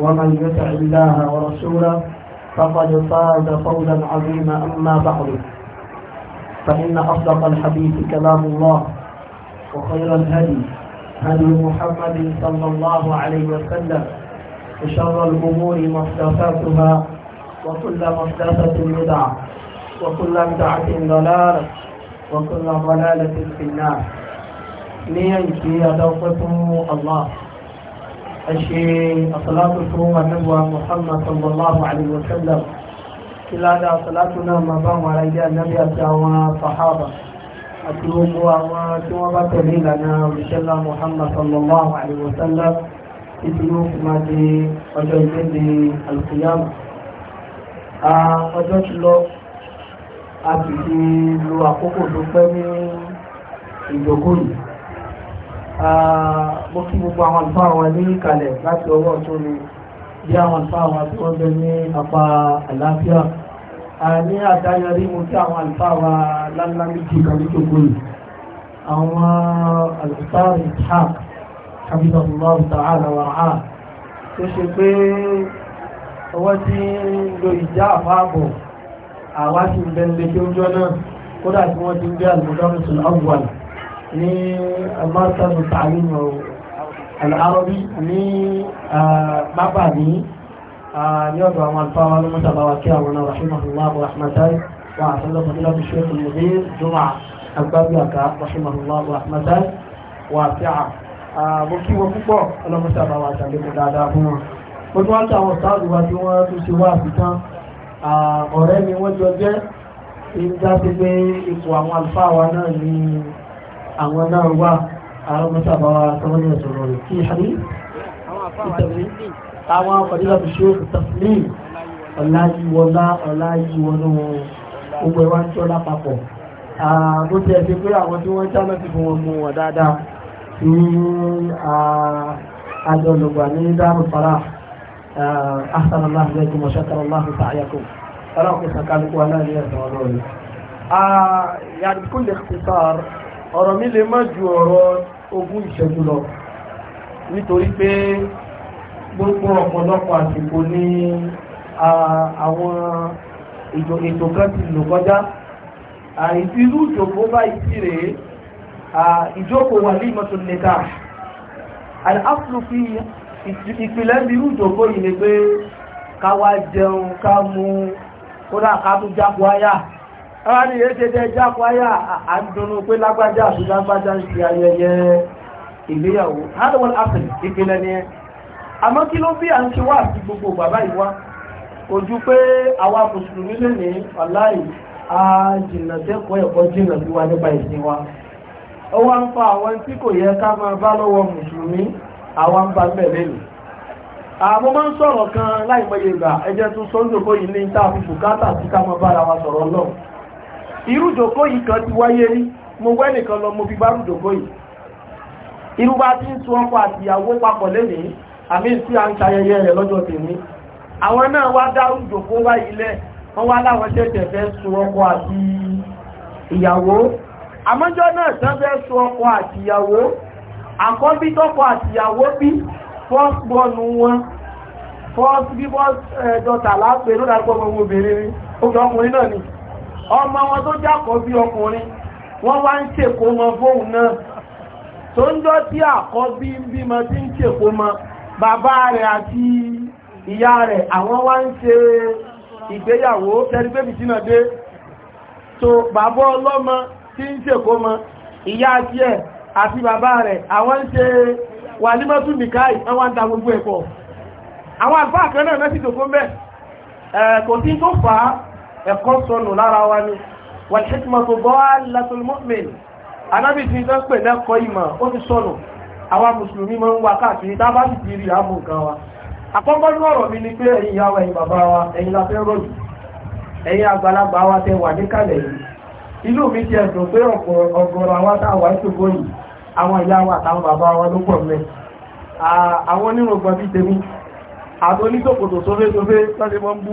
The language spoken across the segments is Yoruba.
ومن يطع الله ورسوله فقد فاز فوزا عظيما أما بعد فإن أصدق الحديث كلام الله وخير الهدي هدي محمد صلى الله عليه وسلم وشر الأمور محدثاتها وكل محدثة بدعة وكل بدعة ضلالة وكل ضلالة في النار ní ẹ̀yìn tí a Allah أشي الصلاة والسلام على محمد صلى الله عليه وسلم كلا دا صلاتنا ما بان على يد النبي أتاوى صحابة أتلوه وأتوا بتلي لنا رسول محمد صلى الله عليه وسلم تتلوه ما دي وجوزين دي القيامة ọjọ́ ti lọ a ti fi lo àkókò tó pẹ́ ní ìjókòó yìí mo kí gbogbo àwọn àlùfáà àwọn ní ìkàlẹ̀ láti ọwọ́ ọ̀tún mi bí àwọn àlùfáà àwọn tí wọ́n bẹ ní apá àlàáfíà ní àdáyọrí mo kí àwọn àlùfáà wa lálá méjì kan ní gbogbo yìí àwọn àlùfáà ishaq habibullah ta'ala wa ha tó ṣe pé ọwọ́ tí ń lo ìjà àfáàbọ̀ àwa ti ń bẹ nílé kí jọ náà kódà tí wọ́n ti ń gbé àlùmọ́dọ́rùn-ún ní mọ́tàlù tààlùmù alárọ́bí ní bábà ní ní ọ̀dọ̀ àwọn alfáwà ló mọ́tà bá wà kí àwọn náà rahimahullah abu rahmatai wà àtúndọ̀ fún ilẹ̀ bishop lèdè jùmọ̀ agbábí àká rahimahullah abu rahmatai wà sí à mo kí wọn púpọ̀ ọlọ́mọ́tà bá wà sàlékún wọ́n jọ jẹ́ ìdájọ́ pé ipò àwọn alfáwà náà ní àwọn náà wà àwọn mọ́sàbá wa tọ́wọ́ ní ọ̀sán rẹ̀ kí ìhàrí àwọn ọ̀dílà bí ṣe òkú tafilé ọ̀láyíwọlá ọ̀láyíwọlá gbogbo ẹwà ń tọ́lá papọ̀ bó ti ẹ̀sẹ̀ pé àwọn tí wọ́n jámẹ́ ti fún wọn mú wọn dáadáa ní àjọ olùgbà ní dáàrù fara ahsan allah lẹ́kùn mọ̀ṣẹ́kọ̀ allah ta'ayakọ̀ ọ̀rọ̀ mi lè má ju ọ̀rọ̀ ogún ìṣẹ́jú lọ nítorí pé gbogbo ọ̀pọ̀lọpọ̀ àsìkò ní àwọn ètò kan ti lò kọjá àìsírú ìjòkó báyìí sí rèé ìjókòó wà ní ìmọ̀tò nìta aláfúrú fi ìpìlẹ̀ bírú ìjókòó yìí ni pé ká wá jẹun ká mú kódà ká tún jápọ̀ àwọn ni èé ṣe jẹ́ jápáyà àdúnnú pé lágbájá àti lágbájá ṣe ayẹyẹ ìgbéyàwó hardware apple ìpínlẹ̀ ni ẹ àmọ́ kí ló bí à ń ṣe wá àti gbogbo bàbá ìwá ojú pé àwa mùsùlùmí lè ní wàláì a ẹ̀kọ́ jìnà sí wa nípa ìsìn wa ó wá ń fa àwọn tí kò yẹ ká máa bá lọ́wọ́ mùsùlùmí àwa ń ba lẹ́nu àmọ́ máa ń sọ̀rọ̀ kan láìmọye ìgbà ẹjẹ́ tún sọ́ńdòkó yìí ní tá a fi sí ká máa bára wa sọ̀rọ̀ náà irújòkó yìí kan ti wáyé rí mo wẹ́nìkan lọ mo fi bá yìí irú bá ń ọkọ àti ìyàwó papọ̀ lẹ́nìí àmì tí a ń ṣayẹyẹ rẹ̀ lọ́jọ́ tèmi àwọn náà wá dá wá ilẹ̀ ọkọ àti ìyàwó àmọ́jọ́ náà tán fẹ́ ọkọ àti ìyàwó àkọ́bí àti ìyàwó bí wọn bí ọmọ wọn tó jákọ̀ọ́ bí ọkùnrin wọ́n wá ń ṣèkó mọ fóun náà tó ń jọ tí bí ń tí ń ṣèkó mọ bàbá rẹ̀ àti ìyá rẹ̀ àwọn wá ń ṣe ìgbéyàwó tẹ́rí sínà dé tó bàbá ọlọ́mọ tí ń ṣèkó mọ ìyá ẹ̀ àti bàbá rẹ̀ àwọn ń ṣe wà wọ́n ń ẹ̀kọ́ sọnù lára wa ni wal hikmatu dalatul mu'min anábì tí tó ń pè lẹ́kọ́ ìmọ̀ ó ti sọnù àwa mùsùlùmí máa ń wá káàkiri tá ti rí àmú nǹkan wa àkọ́kọ́ ọ̀rọ̀ mi ni pé ẹ̀yin ìyá la fẹ́ rọ̀jù ẹ̀yin àgbàlagbà wa tẹ wà níkàlẹ̀ yìí inú mi ti ẹ̀dùn pé ọ̀gọ̀rọ̀ àwọn táwà ìṣògbó yìí àwọn ìyá wa àtàwọn bàbá wa ló pọ̀ mẹ́ àwọn onírògbọ̀n bíi tèmi àtòníṣòkòtò sófésófé lọ́sẹ̀ mọ́ ń bú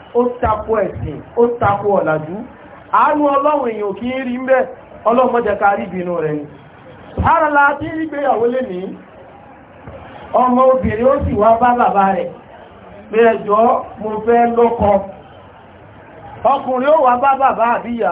ó tako ẹ̀sìn ó tako ọ̀làjú àánú ọlọ́run èèyàn kí í rí ń ọlọ́run mọ́jẹ ká rẹ̀ ni ara la gbéyàwó lè ní ọmọ obìnrin ó sì wá bá bàbá rẹ̀ mẹ́ẹ̀jọ́ mo fẹ́ lọ́kọ ọkùnrin ó wá bá bàbá àbíyà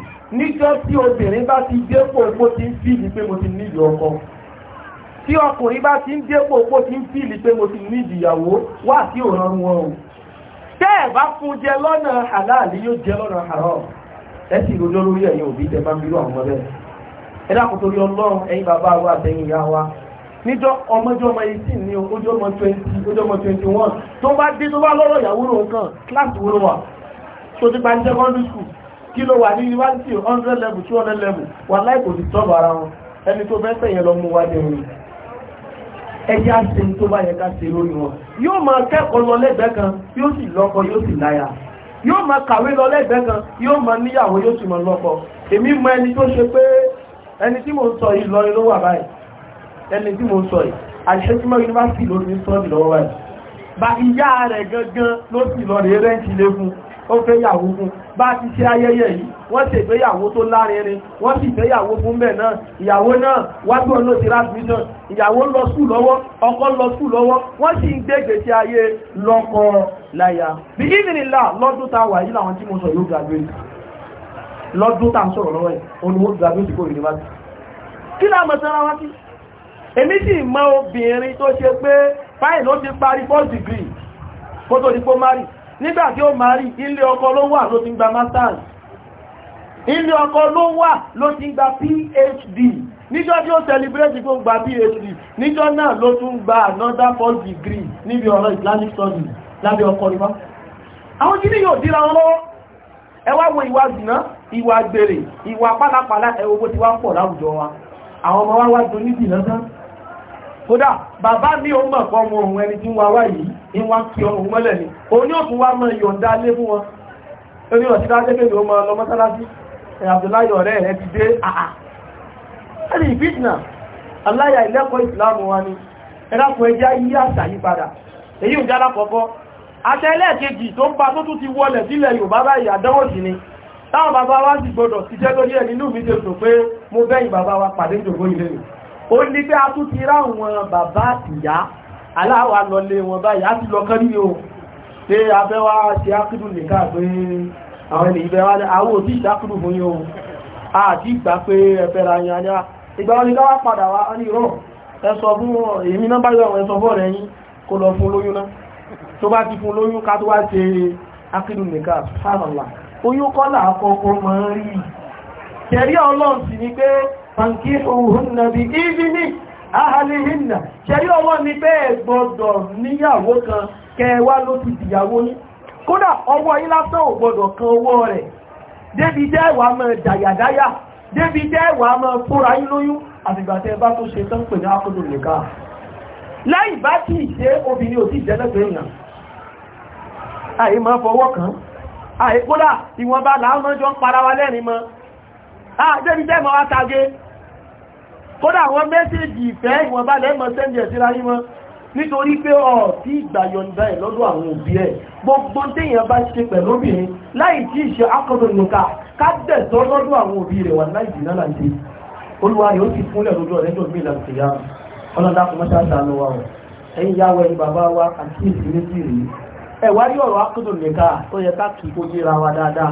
níjọ́ tí obìnrin bá ti dépò opó ti ń fìlì pé mo ti nílì ọkọ tí ọkùnrin bá ti ń dépò opó ti ń fìlì pé mo ti nílì ìyàwó wà sí òran wọn o tẹ́ ẹ̀ bá fún jẹ lọ́nà àláàlì yóò jẹ lọ́nà àárọ̀ ẹ sì rò lórí ẹ̀yin òbí tẹ bá ń bírú àwọn ọmọdé ẹ dákun torí ọlọ́run ẹ̀yin bàbá wa àtẹ̀yìn ìyá wa níjọ́ ọmọjọ́ ọmọ eighteen ní ojú ọmọ twenty ojú one tó bá dé tó bá lọ́rọ̀ ìyàwó lòun kan kíláàsì wo ló wà tó ti gba ní secondary school kí ló wà ní yunifásitì hundred level two hundred level wà láì kò sì tọ́bù ara wọn ẹni tó fẹ́ sẹ̀yìn lọ mú wá jẹ òun ẹjẹ́ àṣẹ tó bá yẹ ká ṣe lórí wọn yóò máa kẹ́kọ̀ọ́ lọ lẹ́gbẹ̀ẹ́ kan yóò sì lọ́kọ yóò sì láyà yóò máa kàwé lọ lẹ́gbẹ̀ẹ́ kan yóò máa níyàwó yóò sì máa lọ́kọ èmi mọ ẹni tó ṣe pé ẹni tí mò ń sọ yìí lọrin ló wà báyìí ẹni tí mò ń sọ yìí àṣẹ́símọ́ yunifásitì ló ní sọ́ọ̀dì lọ́wọ́ báyìí bá ìyá rẹ̀ gangan ló sì lọ rèé rẹ́ǹtì lé fún un ó fẹ́ yàwó fún bá ti ṣe ayẹyẹ yìí wọ́n ṣe ìgbéyàwó tó lárinrin wọ́n sì ìgbéyàwó fún bẹ́ẹ̀ náà ìyàwó náà wájú ọ̀nà ti rásmìtàn ìyàwó lọ sùn lọ́wọ́ ọkọ lọ sùn lọ́wọ́ wọ́n sì ń gbé ìgbésí ayé lọ́kọ láya bí ìrìnlá lọ́dún tá a wà yìí làwọn tí mo sọ yóò graduate lọ́dún tá a sọ̀rọ̀ lọ́wọ́ ẹ̀ òun ni wọ́n graduate kó yunifásitì kí láàmọ̀ sára wá sí èmi sì mọ obìnrin tó ṣe pé fáìlì ó ti parí first degree kó tó di pó márì nígbà tí ó máa rí ilé ọkọ ló wà ló ti ń gba masters ilé ọkọ ló wà ló ti gba phd níjọ́ tí ó celebrate kó gba phd níjọ́ náà ló tún gba another four degree níbi ọ̀rọ̀ islamic studies lábẹ́ ọkọ nípa àwọn jíní yóò dira wọn lọ́wọ́ ẹ wá wo ìwà zìnà ìwà gbèrè ìwà pálapàla ẹ̀wọ̀ bó ti wá pọ̀ láwùjọ wa àwọn ọmọ wa wá do níbi ìlọ́sán kódà bàbá mi ò mọ̀ ọmọ òun ẹni tí ń wá yìí ń wá kí ọmọ òun mọ́lẹ̀ ni òun ní òkú wá mọ yọ̀ǹda lé fún wọn orí ọ̀tí lájẹ́gbẹ̀ ni ó mọ lọ mọ́sálásí Abdullahi ọ̀rẹ́ rẹ̀ ti dé àà ẹni ìfìtìnà aláyà ilẹ́kọ̀ọ́ ìsìláàmù wa ni ẹ̀dàkùn ẹjá yí àṣà yí padà èyí ò jára kọ̀ọ̀kọ́ àtẹ́lẹ́ẹ̀kejì tó ń bá tó tún ti wọlẹ̀ sílẹ̀ Yorùbá báyìí àdánwò sí ni táwọn bàbá wa sì gbọdọ̀ sí jẹ́ lórí ẹ̀ nínú mi ṣe mo bẹ́yìn bàbá wa pàdé ìjòkó ilé ó ní pé a tún ti ráwọn bàbá àtìyá aláwà lọlé wọn báyìí á ti lọ kán ní o pé abẹ́ wá ṣe ákùdù nìkan pé àwọn ènìyàn ibẹ̀ wá àwọn òtí ìdákùdù fún yóò àti ìgbà pé ẹ̀fẹ́ ra yan ajá ìgbà wọn ni ká wá padà wá ní ìrọ̀ ẹ sọ fún èmi náà báyọ̀ ẹ sọ fún ọ̀rẹ́ yín kó lọ ọlọ́run sì ni pé fankihuhunna bi idhni ahlihinna ṣẹ̀rí ọwọ́ ní pé gbọ́dọ̀ níyàwó kan kẹwa ló ti dìyàwó ní kódà ọwọ́ yí lásán ò gbọ́dọ̀ kan owó rẹ̀ débi jẹ́ ìwà mọ̀ dàyàdáyà débi jẹ́ ìwà mọ̀ fúra yí lóyún àtìgbà tẹ́ bá tó ṣe tán pè ní akọ́dọ̀ nìka láì bá tí ìṣe obìnrin ò tí ìjẹ́lẹ́gbẹ̀ẹ́ èèyàn àì fọwọ́ kan àì ìwọ̀nba làwọn jọ ń para mọ́ àjẹ́bí jẹ́ mọ́ àtàgé kódà àwọn mẹ́sẹ̀jì ìfẹ́ ìwọ̀nba lẹ́mọ̀ sẹ́ndẹ̀ síra yí wọn nítorí pé ọ̀ tí ìgbàyọ̀ǹda ẹ̀ lọ́dọ̀ àwọn òbí ẹ̀ gbogbo téèyàn bá ṣe pẹ̀lú obìnrin láì tí ì ṣe akọ̀dọ̀ nìka ká dẹ̀tọ́ lọ́dọ̀ àwọn òbí rẹ̀ wà láì dìnnà láti olúwa yóò ti fúnlẹ̀ lójú ọ̀rẹ́jọ́ mi ìlànà ìyá ọlọ́dà kò mọ́ṣá sànù wa ọ̀ ẹ̀yin yáwọ ẹ̀yin bàbá wa àti ìsinmi sí rèé ẹ̀ wá rí ọ̀rọ̀ akọ̀dọ̀ nìka tó yẹ ká kì í kó yéra wa dáadáa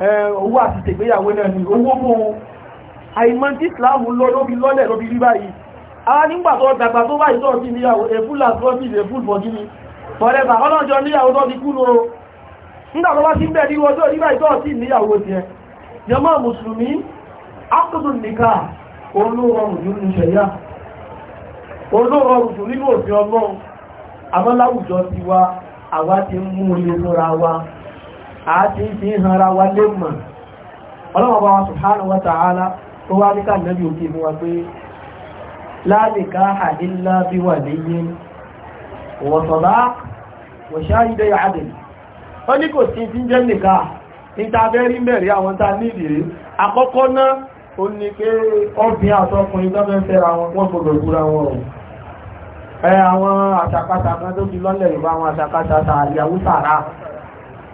owó àti tẹ̀gbéyàwó náà ni owó fún àìmọ́ tí ìsìláàmù lọ lóbi lọ́lẹ̀ lóbi rí báyìí a nígbà tó dàgbà tó báyìí tó ti níyàwó èfúlà tó ti lè fún ìfọ̀gí ni fọ́lẹ́bà ọlọ́jọ́ níyàwó tó ti kú lọ nígbà tó bá ti bẹ̀ ní ọjọ́ rí báyìí tó ti níyàwó tiẹ̀ jàmá mùsùlùmí akùdùn nìka olóòrùn jù nínú ṣẹ̀yà olóòrùn jù nínú òfin ọlọ́run àmọ́ láwùjọ ti wa àwa ti ń àti fi hanra wa lè mọ̀ ọlọ́wọ́ wa subhanahu wa ta'ala tó wá ní káà nẹ́bí òkè mú wa pé la nikaha illa bi waliyyin wa talaq wa shahiday 'adl ó ní kò sí ti jẹ́ nìká ìtàbẹ́rí àwọn tá ní ìdìrí àkọ́kọ́ náà ó ní pé àwọn kan tó fi lọ́lẹ̀ ìbá àwọn tààrí àwúsàrá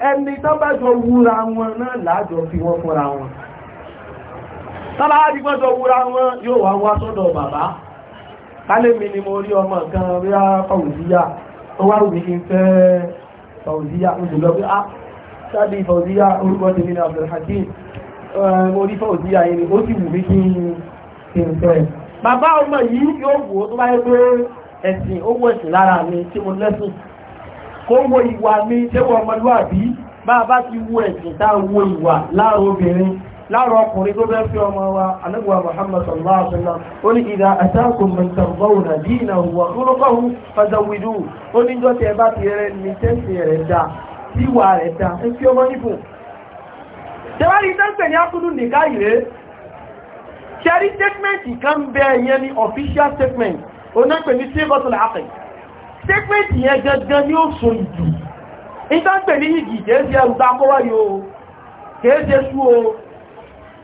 ẹni tó bá jọ wúra wọn náà láàjọ fi wọ́n fúnra wọn tọ́lá àdígbọ́n jọ wúra wọn yóò wá wá sọ́dọ̀ bàbá kálé mi ni mo rí ọmọ kan rí fàúzíyà ó wá wù mí kí n fẹ́ fàúzíyà ń jùlọ pé ah sáàdì fàúzíyà orúkọ tèmi ní Abdulhakeem mo rí fàúzíyà yìí ó sì wù mí kí n fẹ́ bàbá ọmọ yìí yóò wò ó tó bá yẹ pé ẹ̀sìn ó wọ̀ ẹ̀sìn lára mi tí mo lẹ́sìn kó wo ìwà mi tẹ́wọ̀ ọmọlúwàbí bá bá ti wo ẹ̀sìn tá wo ìwà láàrọ̀ obìnrin láàrọ̀ ọkùnrin tó bẹ́ fi ọmọ wa anábùwà Muhammad sallallahu alaihi wasallam ó ní ìdá àtàkùn mẹ́tàbọ́wò nà bí ìnà òwò àkúrọ́kọ̀hún fàdáwìdú ó ní jọ́ tẹ́ bá ti rẹ ní tẹ́sì rẹ̀ dá tí ìwà rẹ̀ statement kan bẹ́ẹ̀ yẹn ní official statement onápẹ̀ ní sí statement yẹn gangan ni ó sọ ìdù ìtàgbẹ̀ ní ìgì kèése ẹrùta kọ́wàrí o kèése sú o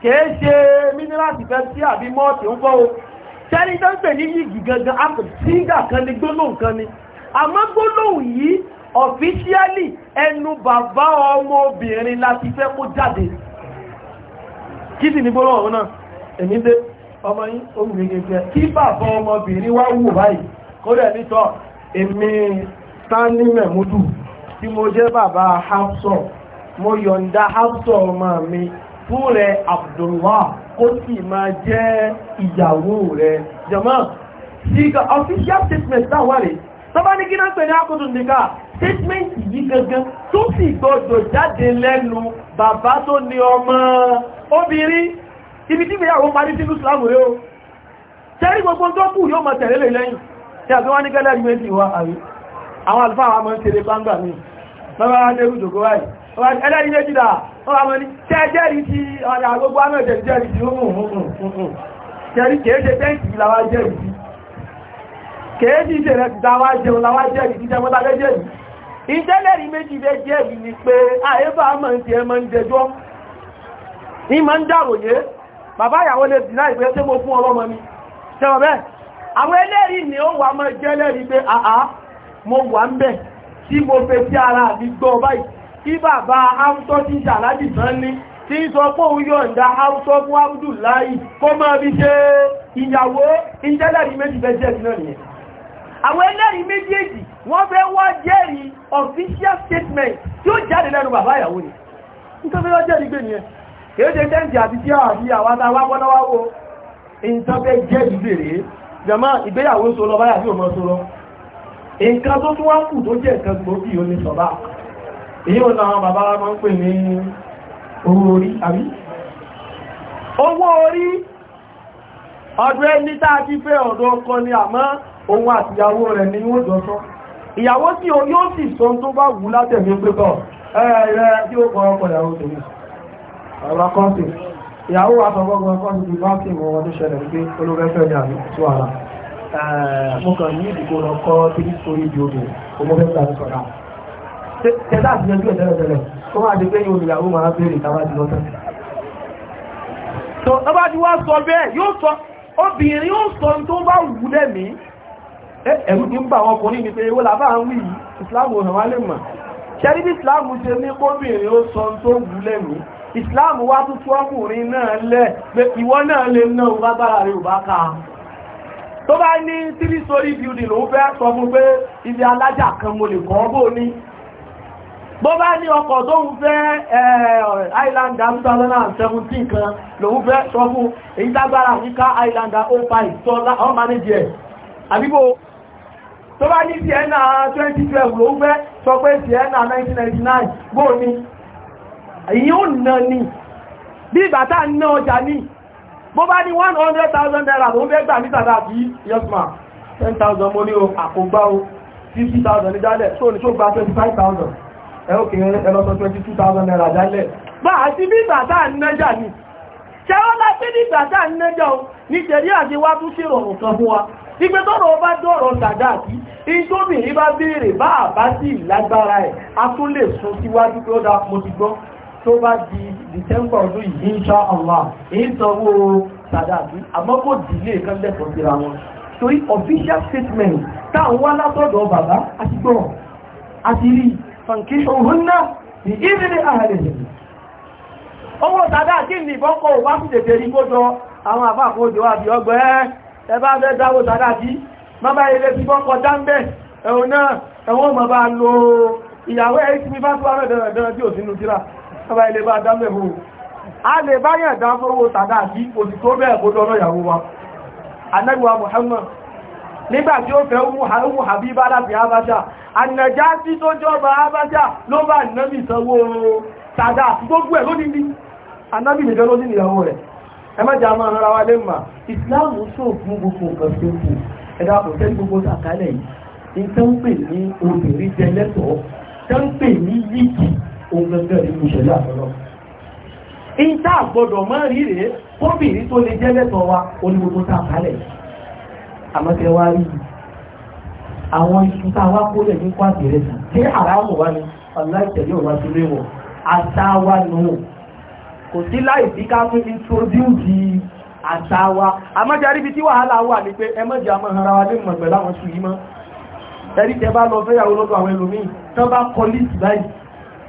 kèése míníràtì fẹ́ sí àbí mọ́ọ̀tì ń fọ́ o tẹ́rí ìtàgbẹ̀ ní ìgì gangan apò síngà kan ní gbólóhùn kan ni àmọ́ gbólóhùn yìí ọ̀fíṣíálì ẹnu bàbá ọmọ obìnrin láti fẹ́ kó jáde kí sì ní gbólóhùn ọ̀hún náà èmi dé ọmọ yín ó wù mí gẹ́gẹ́ kí bàbá ọmọbìnrin wá wù báyìí kó rẹ̀ nítọ́ èmi tání mẹ̀múdù tí mo jẹ́ bàbá hapsọ̀ mo yọ̀ǹda hapsọ̀ ọmọ mi fún rẹ̀ abdullah ó sì máa jẹ́ ìyàwó rẹ̀ jọmọ́ síga official statement dáwà rẹ̀ tọ́bá ní kí náà pẹ̀lú àkótó nìkan statement yìí gangan tó sì gbọdọ̀ jáde lẹ́nu bàbá tó ní ọmọ obìnrin ibi tí ìgbéyàwó parí sínú islam rẹ̀ o tẹ́rí gbogbo tó kù yóò máa tẹ̀lé lẹ́yìn tí a tó wá ní gẹ́lẹ̀ méjì wá àrí àwọn alfáà wọn mọ́ ń tèrè báńgbà mi lọ́wọ́ wọn lérú jòkó wáyìí ẹlẹ́rí méjì dà wọ́n wọ́n ní tẹ́jẹ́rì tí ọ̀dà gbogbo àmì ọ̀jẹ̀ jẹ́rì tí ó mú un jẹ́rì kìí ṣe bẹ́ǹkì làwá jẹ́rì tí kìí ṣe ṣe rẹ̀ dáwà jẹun làwá jẹ́rì tí jẹun lábẹ́ jẹ́rì ìtẹ́lẹ̀rí méjì bẹ́ jẹ́rì ni pé àyébà mọ̀ ń tiẹ̀ mọ̀ ń jẹjọ́ ní mọ̀ ń dàròyé bàbá ìyàwó lè dìná ìpẹ́ tí mo fún ọlọ́mọ mi ṣẹ́wọ̀ bẹ́ẹ̀ àwọn ẹlẹ́rìí ni ó wà mọ́ jẹ́lẹ́rìí pé àá mo wà ń bẹ̀ tí mo fẹ́ tí ara mi gbọ́ báyìí kí bàbá áwùtọ́ ti ṣàlájì tán ní tí sọ pé òun yọ̀ǹda áwùtọ́ fún áwùdù láì kó máa fi ṣe ìyàwó ìjẹ́lẹ́rìí méjì fẹ́ jẹ́ náà nìyẹn àwọn ẹlẹ́rìí méjèèjì wọ́n fẹ́ wá jẹ́rìí official statement tí ó jáde lẹ́nu bàbá ìyàwó ni nítorí wọ́n jẹ́rìí gbé nìyẹn kìí ṣe tẹ́ǹtì àti tí àwọn àti àwọn àtàwọn agbọ́nà wá wo ìǹtọ́fẹ́ jẹ́rìí gbèrè jama ìgbéyàwó so lọ báyà bí o mọ so lọ nǹkan tó tún wá kù tó jẹ́ nǹkan gbòógì ò ní sọ̀bá èyí ò náà bàbá wa máa ń pè ní owó orí àbí owó orí ọdún ẹni tá a ti fẹ́ ọ̀dọ̀ ọkọ ni àmọ́ òun àtìyàwó rẹ̀ ni wọ́n jọ sọ ìyàwó tí o yóò sì sọ tó bá wù látẹ̀mí pẹ́kọ̀ ẹ̀ẹ́rẹ́ tí ó kọ́ ọkọ ìyàwó tèmi ọ̀rọ̀ kọ́ńtì ìyàwó wa sọgbọ́gbọ́ ẹ̀kọ́ ní ti báńkì mọ̀ wọn tó ṣẹlẹ̀ pé olóòrẹ́fẹ́ ní àmì tó ara mo kàn ní ìdìbò lọ kọ́ tí nítorí ìdí odò omofẹ́ gbà ní sọ̀rọ̀ tẹ́lá àti yanjú ẹ̀ tẹ́lẹ̀tẹ́lẹ̀ ó máa di pé yóò ní ìyàwó máa béèrè táwa di lọ́tọ̀ tó ọba ti wá sọ bẹ́ẹ̀ yóò sọ obìnrin yóò sọ ní tó bá wù lẹ́mí ẹ̀rù ti ń bà wọn ọkùnrin ni pé ewó làbá ń wí yìí ìsìláàmù ọ̀hàn wálé mọ̀ ṣẹ́rí bí ìsìláàmù islam wá tún tú ọkùnrin náà lẹ̀ pé ìwọ náà lè náà ń bágbára rẹ̀ ò bá ká tó bá ní tírí sórí building lòun fẹ́ sọ fún pé ibi alájà kan mo lè kọ́ bó ní bó bá ní ọkọ̀ tó ń fẹ́ 2017 eh, kan lòun fẹ́ sọ fún èyí tágbára níká islander 05 tọ́lá ọmọ manager àbíbò tó bá ní 2012 lòun fẹ́ sọ pé sienna 1999 bó ní èyí ó nà ní bí ìgbàtà ná ọjà ní bó bá ní 100,000 naira tó ń fẹ́ gbà mítà láti yọ́sùmá 10,000 mo ní o àkógbá o 50,000 ní jálẹ̀ tó ní tó gba 25,000 ẹ ó kéré ẹlọ́sọ 22,000 naira jálẹ̀ bá àti bí ìgbàtà nájà ní ṣẹ́wọ́n láti bí ìgbàtà nájà o nítorí àti wá tún ṣèrọ̀rùn kan fún wa ìgbé tọ́rọ bá dọ́rọ̀ sàdáàkì ìjọ́bìnrin bá béèrè bá àbá sí ìlágbára ẹ̀ a tún lè sún síwájú pé ó dá mo ti gbọ́ tó bá di December ọdún yìí insha Allah èyí sanwó sàdáàbí àmọ́ kò dìlé kan lẹ́kọ̀ọ́ síra wọn torí official statement táwọn wá látọ̀dọ̀ bàbá àti gbọ́n àti rí fàǹkì òhun náà ní ìrìnlẹ̀ ààrẹ owó sàdáàbí ní ìbọn kọ́ wá sí tètè rí kójọ àwọn àbá àkójọ àbí ọgbẹ́ ẹ bá fẹ́ dáwó sàdáàbí má bá ilé ti bọ́ kọjá ń bẹ̀ ẹ̀hùn náà ẹ̀wọ́n mọ̀ bá lo ìyàwó ẹ̀ ọba ilé bá dámẹ́ fún a lè bá yẹ̀ dá fọ́wọ́ sàdá sí òtù tó bẹ́ẹ̀ kó lọ́nà ìyàwó wa anẹ́gbà Muhammad nígbà tí ó fẹ́ umu Habiba láti Habasha anàjá tí tó jọba Habasha ló bá nẹ́bì sanwó sàdá gbogbo ẹ̀ lónìí anábì nìkan ló ní ìyàwó rẹ̀ ẹ mẹ́jà máa rárá wa lè mà ìsìláàmù sóòfún gbogbo nǹkan tó kù ẹ̀dá kò tẹ́lẹ̀ gbogbo sàkálẹ̀ yìí ní tẹ́ ń ohun gẹ́gẹ́ ní kò ṣẹlẹ̀ àtọ́lọ́ ìta àgbọ̀dọ̀ mọ́ ríre kóbìnrin tó lè jẹ́ lẹ́tọ̀ wa onígbogbo tá a kálẹ̀ àmọ́tẹ́ wá rí àwọn iṣu tá a wá kó lẹ̀ ní kwàtì rẹ̀ tí àràmù wá ní aláìtẹ̀lé òwá sí léwọ̀ àtàwà nù kò sí láì sí ká tún introduce àtàwà àmọ́járí bí tí wàhálà wà ní pé ẹmọ́jì amọ́hara wa lè mọ̀ pẹ̀lú àwọn ṣù yìí mọ́ ẹ̀rí tẹ bá lọ fẹ́yàwó lọ́dọ̀ àwọn ẹlòmíì tán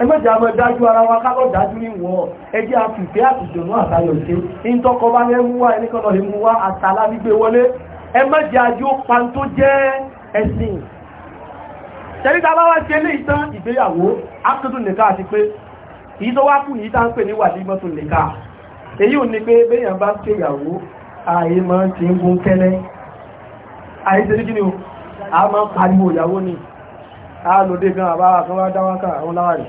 ẹgbẹ́jì àmọ́ dájú ara wa kábọ̀ dájú ní wọ́n ẹjẹ́ àfìfẹ́ àtìjọ̀nú àtayọ̀ ṣe ń tọ́kọ bá lẹ́ mú wá ẹnìkanà lè mú wá àtàlá gbígbé wọlé ẹgbẹ́jì àjò pan tó jẹ́ ẹ̀sìn tẹ̀lítà bá wá ṣe lé ìtàn ìgbéyàwó ápùtù nìka àti pé èyí tó wá kù ní ìta ń pè ni o a máa ń pariwo a lòdì gan àbára kan wá dáwákà àwọn láwàrí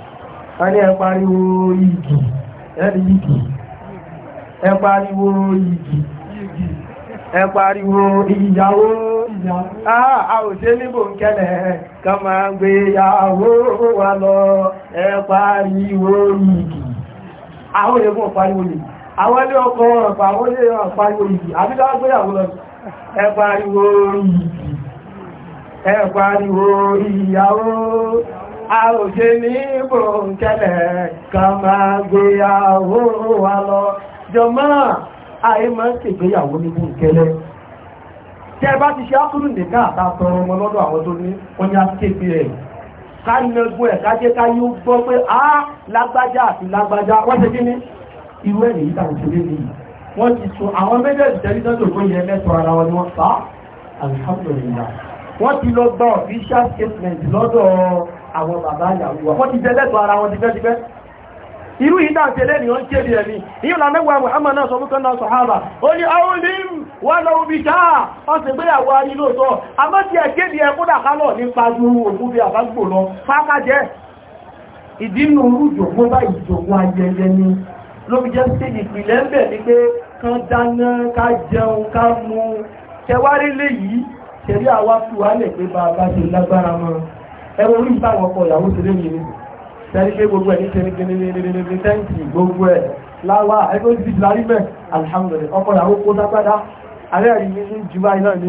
Ah, a ní ẹpariwo igi ẹni igi ẹpariwo igi ẹpariwo ìyàwó ṣe níbò ń kẹ́lẹ̀ ká máa gbé ìyàwó lọ ẹpariwo igi àwọn èèkùn ọ̀pariwo igi àwọn ilé ọkọ̀ ọ̀pá àwọn ilé igi àbídá a ò ṣe ní bòńkẹ́lẹ̀ ká máa gbéyàwó wa lọ jọmọ́ àìmọ́ ṣègbéyàwó ní bòńkẹ́lẹ̀ tẹ́ bá ti ṣe ákùrù nìkan àtàtọrọ ọmọ lọ́dọ̀ àwọn tó ní wọ́n ní akéèké ẹ̀ ká nẹgbọ́ ẹ̀ ká jẹ́ ká yóò gbọ́ pé á lágbájá àti lágbájá wọ́n ṣe kí ní irú ẹ̀ nìyí tàbí ṣe lébi wọ́n ti tún àwọn méjèèjì tẹ́lí tọ́jú tó yẹ lẹ́tọ̀ ara wọn ni wọ́n sá alhamdulillah wọ́n ti lọ gba official statement lọ́dọ̀ àwọn bàbá ìyàwó wa wọ́n ti jẹ́ lẹ́tọ̀ ara wọn tipẹ́tipẹ́ irú yìí dáa ni wọ́n kéde ẹ̀mí yíò na mẹ́wàá Muhammad náà sọ lókàn náà sọ̀hábà ó ní aolim wà lọ obi káà wọ́n sì gbéyàwó arí lóòtọ́ àmọ́ ti ẹ̀kéde ẹ̀ kódà kálọ̀ nípa gbúrú òkú bí àbágbò lọ fákájẹ́ ìdínú rújòkó bá ìjòkó ayẹyẹ ni ló fi jẹ́ sí ìpìlẹ̀ ẹwọ orí ìbáwọn ọkọ ìyàwó ti léyìn ni tẹ́lí pé gbogbo ẹ̀ ní ṣe ní gẹ́gẹ́gẹ́gẹ́gẹ́ tẹ́ǹtì gbogbo ẹ̀ láwá ẹgbẹ́ ti di lárí bẹ̀ alihamudulilayi ọkọ ìyàwó kó sápádá alẹ́ ẹ̀rí ní ní jùmọ̀ iná ní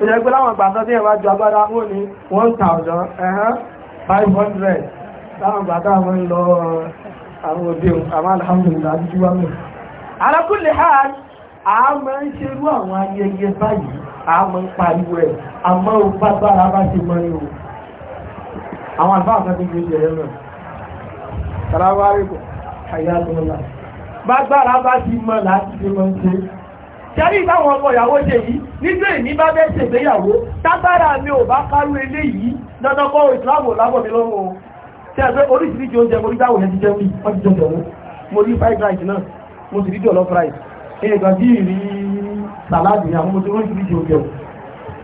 ìyẹn pé láwọn gbàtọ́ tí ẹ bá ju agbádá wọn ní one thousand ẹ̀hán five hundred láwọn gbàtọ́ àwọn ń lọ àwọn òde àwọn alihamudulilayi àti jùmọ̀ mi. alákùnlé ha a máa ń ṣerú àwọn ayẹyẹ báyìí a máa ń pariwo ẹ̀ àmọ́ ò bá bára bá ti mọ àwọn àlùfáà kan ti fi ṣe rẹ̀ náà tàràwárí kò àyàtọ̀lá bá gbára bá ti mọ́ láti fi mọ́ ṣe tẹ́rí ìbáwọn ọmọ ìyàwó ṣe yìí nígbé ìní bá bẹ́ ṣe ìgbéyàwó tágbára mi ò bá kárú ilé yìí dandanbọ́ ìsìláàmù lábọ̀ mi lọ́wọ́ tí a gbé oríṣiríṣi oúnjẹ mo rí dáwọ̀ yẹn ti jẹ́ wí wọ́n ti jọ jẹ̀wọ́ mo rí fried rice náà mo sì rí jọ̀lọ́ fried ẹ̀ẹ̀kan tí ì rí sàláàdì àwọn mo ti oríṣiríṣi oúnjẹ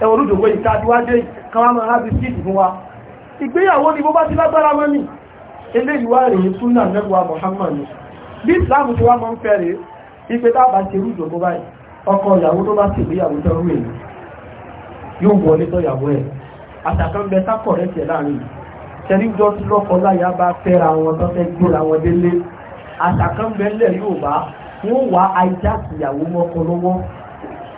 ẹwọ olùdòwò ìtàdíwájé kan máa rábí sí ìfún wa ìgbéyàwó ni bó bá ti lágbára mọ́ ní eléyìíwá rèé súnà nẹ́gbà Muhammadu bí Islam ti wá mọ́ ń fẹ́rẹ̀ ipé tábà ti rú ìjọba báyìí ọkọ ìyàwó tó bá ti ìgbéyàwó tó rú èyí yóò wọ ní tọ́yàwó ẹ̀ àtàkàn bẹ sákọ̀ rẹ̀ tẹ̀ láàrin tẹ̀lé jọ sí lọ́kọ láyà bá fẹ́ra wọn tó fẹ́ gbóra wọn délé àtàkàn bẹ lẹ̀ yóò bá wọ́n wá ajá ìyàwó mọ́kọ lọ́wọ́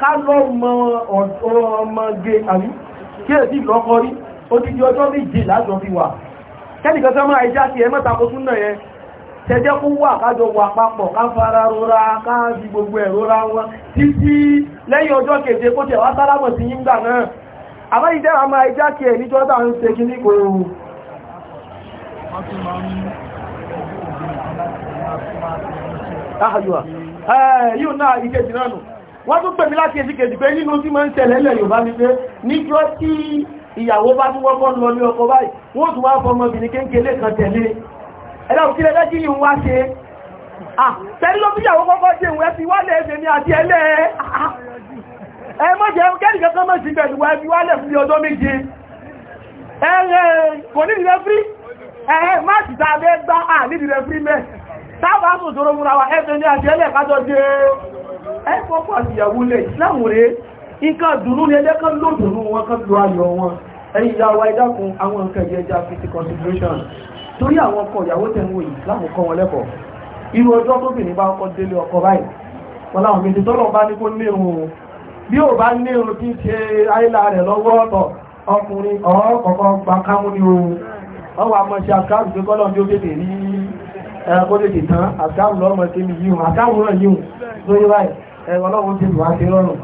ká lọ́mọ ọmọge àrí kí èsì lọ́kọ́ rí odidi ọjọ́ méje lájọ fi wà kẹ́nìkan sọ́mọ́ àìjá sí ẹmọ́ta kó súnà yẹn tẹ́jẹ́ kó wà kájọ wà papọ̀ ká fara rora ká fi gbogbo ẹ̀ rora wọn títí lẹ́yìn ọjọ́ kó tẹ̀ wọ́n tún pèmí láti èsì kejì pé nínú tí mọ́ ń tẹ̀lẹ̀ ilẹ̀ Yorùbá ní pé níjọ́ tí ìyàwó bá tún wọ́pọ̀ lọ ní ọkọ báyìí wọ́n tún wá fọmọbìnrin kéńkélé kan tẹ̀lé ẹ̀dá òkú ilẹ̀ lẹ́jì yìí ń wá ṣe tẹ̀lé ló bí ìyàwó kọ́kọ́ ṣe ìwẹ́ ti wálẹ̀ ẹ̀ṣẹ̀ ní àti ẹlẹ́ ẹ ta abẹ́ gbá à ní ìrẹ́frí mẹ́ táwọn àmùsọ̀rọ̀ múra wa ẹ̀ṣẹ̀ ní àti ẹlẹ́ kájọ́ jẹ́ ẹ́fọ́pọ̀ àti ìyàwó lẹ̀ ìsìláàmù rẹ̀ nǹkan dùnú ní ẹlẹ́kan lóòdùnú wọn kan tó ayọ̀ wọn ẹ̀yìn ìyàwó ẹ̀dàkùn àwọn nǹkan ìyẹjà fìtì consideration torí àwọn ọkọ ìyàwó tẹ̀wọ̀ ìsìláàmù kọ́ wọn lẹ́kọ̀ọ́ irú ọjọ́ tó bìnrin bá ọkọ délé ọkọ báyìí wọn láwọn méjì tọ́lọ̀ bá ní kó ní irun bí ò bá ní irun tí ẹ̀kọ́ lè ti tán àkáwù lọ́mọ tí mi yíhun àkáwù náà yíhun lórí báyìí ẹ̀rọ ọlọ́run ti wà sí rọrùn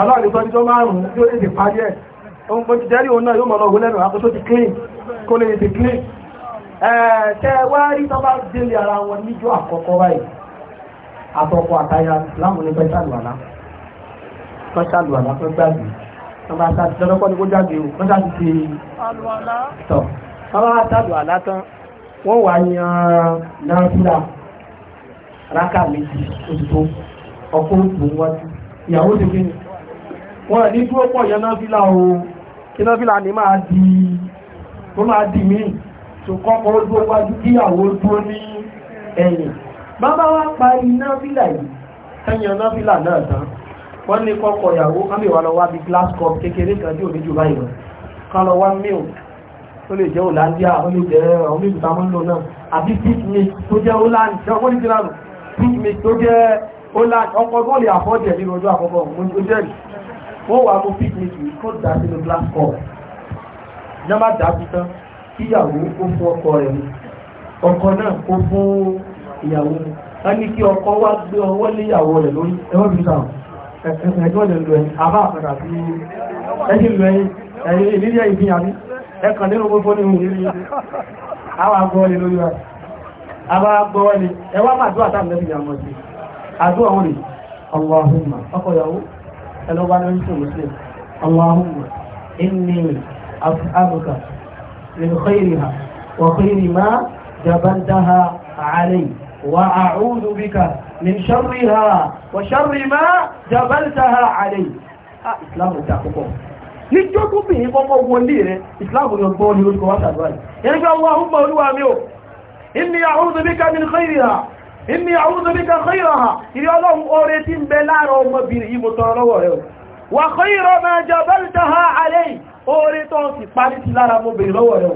ọlọ́run tó tó márùn-ún tí ó lè ti parí ẹ̀ ohun pé ti jẹ́rí òun náà yóò mọ̀ lọ́wọ́ lẹ́nu àkóso ti clean kó lè ti clean ẹ̀ẹ́tẹ́ wá rí tó bá délé ara wọn níjọ́ àkọ́kọ́ báyìí àtọkọ̀ àtayà láwọn ní pẹ́sàlù àlá pẹ́sàlù àlá pẹ́ gbàgbé ọba àtàtì lọ́dọ́kọ́ ni kó jáde o pẹ́sàlù ti tọ̀ ọba àtàlù àlá tán wọ́n wà yan náfúlà rákà méjì òtútù ọkọ̀ òtún wájú ìyàwó ti kí ni wọ́n ní dúró pọ̀ yan náfúlà o kí náfúlà ni máa di tó máa di mí tó kọ́kọ́ ó dúró wájú kí ìyàwó dúró ní ẹ̀yìn bàbá wa parí náfúlà yìí tẹ́yìn náfúlà náà tán wọ́n ní kọ́kọ́ ìyàwó kámi wà lọ wá bí glass cup kékeré kan tí òbí jù báyìí lọ kán lọ wá milk ó lè jẹ́ Hollandia ó lè jẹ́ àwọn méjì tá a máa ń lò náà àbí picnic tó jẹ́ Holland ṣe wọ́n ní kíláàrù picnic tó jẹ́ Holland ọkọ̀ tó lè àfọ́jẹ̀ nínú ọjọ́ àkọ́kọ́ òun ni ọkọ náà ó fún ìyàwó ni wọ́n ní kí ọkọ wá gbé ọwọ́ léyàwó rẹ̀ lórí ẹwọ́n mi sàn ẹ̀ẹ́dẹ́gbẹ̀rún lọ ẹ̀ àbá àpẹẹrẹ àti ẹ̀yìn lọ ẹkàn nínú gbogbo ní ìwé àwọn agbọ́ọ̀lẹ̀ lórí wa àwọn agbọ́ọ̀lẹ̀ ẹwà máa dúwà sáà lẹ́bí ìyàmọ̀ sí àdúwà wọn rí Allahumma ọkọ̀ ìyàwó ẹlọ́gbà lórí sí muslim Allahumma inni as'aluka min khayriha wa níjọ́ tó bì yín kọ́kọ́ wọlé rẹ ìsìláàmù yọ gbọ́ ní orúkọ wáṣà àdúrà yìí ẹni pé àwọn ahùnmọ̀ olúwa mi ò inni a'udhu bika min khayriha inni a'udhu bika khayraha ìrí ọlọ́run oore tí ń bẹ láàárọ̀ ọmọbìnrin yìí mo tọrọ lọ́wọ́ rẹ o wa khayra ma jabaltaha alayhi oore tó ti parí ti lára ọmọbìnrin lọ́wọ́ rẹ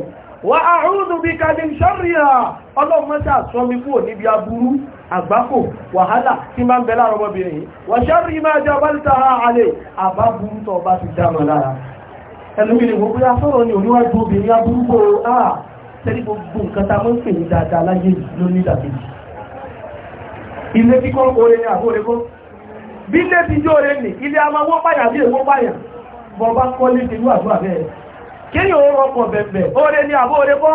àgbákò wàhálà tí máa ń bẹ láàrọ̀ ọmọbìnrin yìí wọ́n ṣẹ́rí máa jẹ́ ọbálítà àlẹ́ àbá burú tọ́ bá ti dá mọ́ lára ẹlùmílì wọ́n bóyá sọ̀rọ̀ ni oníwájú obìnrin aburúgbò àà tẹ́lí gbogbo nǹkan tá mọ́ ń pè ní dáadáa láyé ló ní ìdàkejì ilé kíkọ́ oore ni a máa wọ́n pààyàn bí èwo pààyàn bọ́ọ̀bá kọ́ lé ti lú àdúrà bẹ́ẹ̀ kéèyàn ó rọpọ̀ bẹ̀bẹ̀ oore ni àbó oore kọ́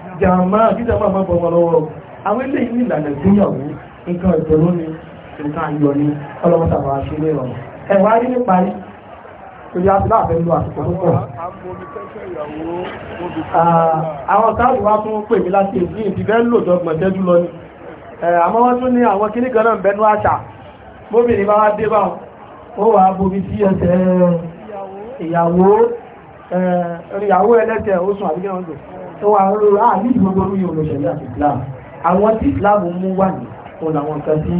jàmá kí jàmá máa bọ̀ wọn lọ́wọ́ àwọn ilé yìí ìlànà ìgbéyàwó nǹkan ìdùnnú ni nǹkan ayọ̀ ni ọlọ́mọta bá ṣe ní ìrọ̀rùn ẹ̀wà rí ní parí tó yá sí láàfẹ́ nínú àsìkò tó pọ̀ àwọn sáàlù wá tún pè mí láti èdè ìdí bẹ́ẹ̀ lò dọ́gbọ̀n tẹ́jú lọ ni àmọ́ wọ́n tún ní àwọn kíní kan náà bẹnu àṣà móbìnrin bá wá dé bá ó wà á sí ẹsẹ̀ ìyàwó ìyàwó ẹlẹ́sẹ̀ ó sùn àbíkẹ́ wọn tó ẹwà ah, àwọn olóró tí Islam mú wà ní òun àwọn nǹkan tí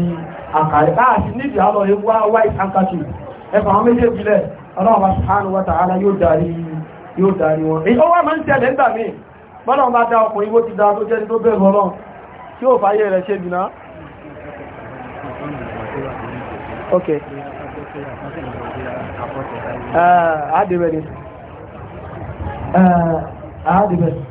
àkàrẹ káàkiri níbi àlọ́ ewu wá ìsànkàtù ẹfà àwọn méjèèjì lẹ̀ ọlọ́run bá subhanahu wa yóò darí wọn èyí ó wà máa ń tẹ̀lé ń gbà mí bá dá ọkùnrin wó ti dáa tó jẹ́ tó bẹ̀rù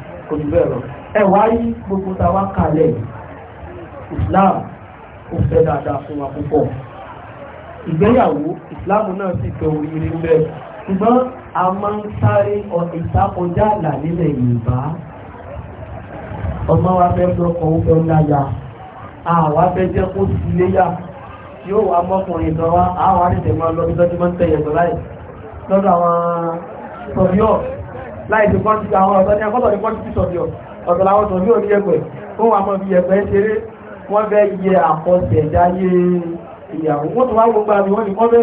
kò ní bẹ́ẹ̀ lọ ẹ wá yí gbogbo ta wá kalẹ̀ Islam kò fẹ́ dáadáa fún wa púpọ̀ ìgbéyàwó Islam náà sì fẹ́ oríire bẹ́ẹ̀ ṣùgbọ́n a máa ń sáré ìsákọjá àlà nílẹ̀ Yorùbá ọmọ wa fẹ́ lọ́kọ̀ ó fẹ́ láya àwa fẹ́ jẹ́ kó sí léyà yóò wá mọ́kùnrin kan wá àwa nìtẹ̀ máa lọ bí lọ́dún máa ń tẹ̀yẹ̀ lọ́dọ̀ àwọn sọ̀rọ̀ láì tó kọ́ àwọn ọ̀tọ́ ní akọ́tọ̀ ní kọ́ sọ̀bíọ̀ ọ̀tọ̀ sọ̀bí ò ní ẹgbẹ̀ fún àmọ́ fi ẹgbẹ́ ṣeré wọ́n fẹ́ yẹ àkọsẹ̀ ìyàwó wọ́n ká ṣèwádìí àmọ́ wádìí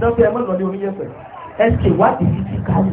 náà fẹ́ mọ́ lọ́lé oníyẹ̀fẹ́ ẹ ṣèwádìí títí kálí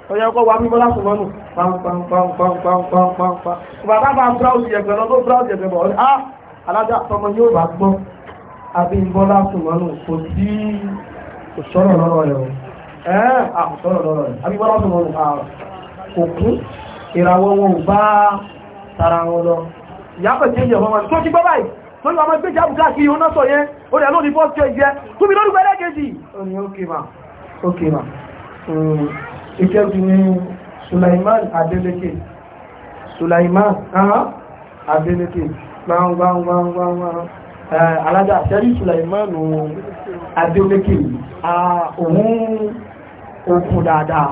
ọ̀yẹ́ ọkọ̀ wa mímọ́ láti mọ́nù pàmpàmpàmpàmpàmpàmpàmpà bàbá bá bráùsì ẹ̀gbẹ̀ lọ tó bráùsì ẹ̀gbẹ̀ bọ̀ ọ́ ah! á alájà tọmọ yóò bá gbọ́ àbí ìbọn láti mọ́nù kò sí òṣọ́rọ̀ lọ́rọ̀ rẹ̀ o ẹ́ àkùsọ́rọ̀ lọ́rọ̀ rẹ̀ àbí ìbọn láti mọ́nù kò kún ìràwọ̀ wọn ò bá tara wọn lọ ìyápẹ̀ tí ó yẹ̀ wọn tó ti gbọ́ báyìí tó ní ọmọ ìgbéjà bùkà kí iná sọ yẹn ó rẹ̀ lónìí fọ́ọ̀kì ẹ̀jẹ̀ tó mi lórúkọ ẹlẹ́gẹ̀ẹ́jì ó ní ó kéma ó kéma ìkejì ni Sulaiman Adeleke Sulaiman Adeleke gbangbangbangbangbang eh, alájá àṣẹ́rí Sulaiman Adeleke ohun okùn dáadáa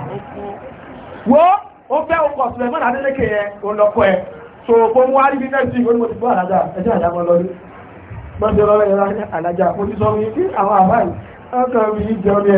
wọ́n ó fẹ́ ọkọ̀ Sulaiman Adeleke yẹn olọ́kọ́ ẹ̀ so fún wá rí bí next week onímọ̀ ti gbọ́ àlájá ẹjọ́ àjámọ́ lọ́rí gbọ́dọ̀ lọ́rọ̀ ẹ̀rọ àlájá mo ti sọ mi sí àwọn àbáyìí ọkọ̀ mi jẹun ní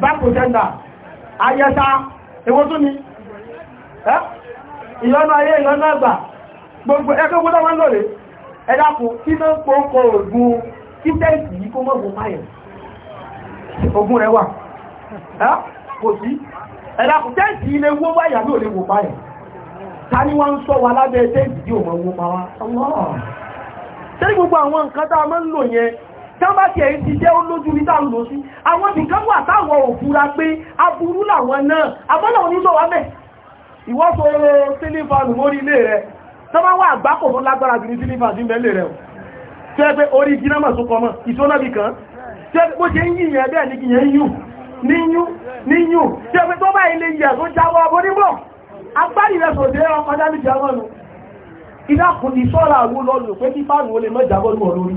back to gender ayẹta èwo tún ni ìyọ́nà ayé ìyọ́nà àgbà gbogbo ẹgbẹ́ gbọ́dọ̀ wọn lọ́rẹ̀ ẹ̀dàkùn kí ló ń pọ̀ ọkọ̀ ògùn kí tẹ́ǹtì yìí kó mọ́gùn máyẹ̀ ogun rẹ̀ wà kò sí ẹ̀dàkùn tẹ́ǹtì ilé wó wáyà ní òlè wò máyẹ̀ ta ni wọ́n ń sọ wa lábẹ́ tẹ́ǹtì yóò mọ́ wó máa wá tán bá ti ẹ̀yìn ti jẹ́ olójú ní táà ń lò sí àwọn nìkan wà táwọn òfúra pé aburú làwọn náà abọ́nà oníṣòwà mẹ́ ìwọ́sọ̀ sílífà nù mórí ilé rẹ̀ tán bá wà àgbákò tó lágbára jù ní sílífà sí mẹ́lẹ̀ rẹ̀ tẹ́ pé orí gíná mọ̀ sókọ mọ̀ ìṣónábì kan tẹ́ bó ṣe ń yí ìyẹn bẹ́ẹ̀ ní kìyẹn yù níyù níyù tẹ́ pé tó bá ilé yẹ̀ tó jáwọ́ abonímọ̀ agbárí rẹ̀ sòdé ọkọ̀ dábìjì àwọn nù ìdákùn pé kí fáànù olè mọ́ ìjábọ́ lórí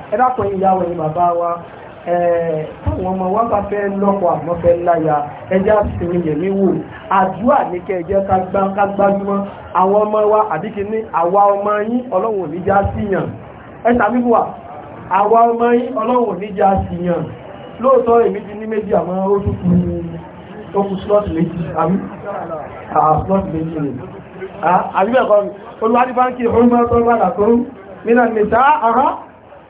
ẹ dákun ìyá wa ni bàbá wa táwọn ọmọ wa bá fẹ́ lọ́kọ àmọ́ fẹ́ láya ẹjẹ́ àsìnmi yẹ̀mí wò àdúrà ní kẹjẹ́ ká gbájúmọ́ àwọn ọmọ wa àdíkì ní àwa ọmọ yín ọlọ́run ní já síyàn ẹ tàbí wà àwa ọmọ yín ọlọ́run ní já síyàn lóòótọ́ èmi ti ní méjì àmọ́ ó tún kú ó kú slọ́ọ̀tì méjì àbí slọ́ọ̀tì méjì ni àbí bẹ́ẹ̀ kọ́ olùwádìí báńkì ìhòòhùn mọ́tò wà látọ́rùn nínú ìta àrán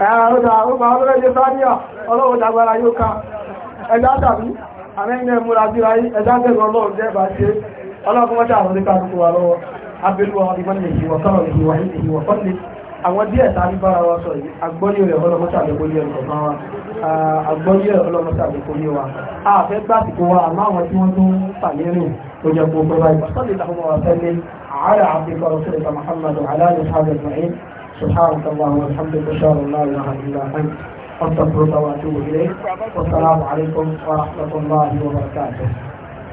Ẹ̀rọ̀dà ọgbà ọlọ́rẹ́jẹ́ sáníà ọlọ́wọ́ dàgbàrà yóò ká. Ẹjá tàbí, àmẹ́yìn múra bí ráyí, ẹjá tẹ́gbọ́ ọlọ́run jẹ́ bá ṣe, ọlọ́run mọ́ta àwọn oníkà tó wà lọ́wọ́, abẹ́lú àwọn ìmọ́lẹ̀ ìwọ̀ sọ́rọ̀ ìwọ̀ ìwọ̀ fọ́lẹ̀. Àwọn díẹ̀ tàbí bára wa sọ yìí, àgbọ́yé rẹ̀ ọlọ́mọ́ta àgbẹ̀kọ́ ní ẹ̀rọ̀ kan wa, àgbọ́yé rẹ̀ ọlọ́mọ́ta àgbẹ̀kọ́ ní wa. A fẹ́ gbásìkò wa, àmá àwọn tí wọ́n tún pàlẹ́ rìn tó jẹ́ gbogbo báyìí. Sọ́lẹ̀ ìtàkùnmọ̀ wa fẹ́ ní àárẹ̀ àfikọ́ rẹ̀ sọ́lẹ̀ سبحانك اللهم وبحمدك اشهد ان لا اله الا انت استغفرك واتوب اليك والسلام عليكم ورحمه الله وبركاته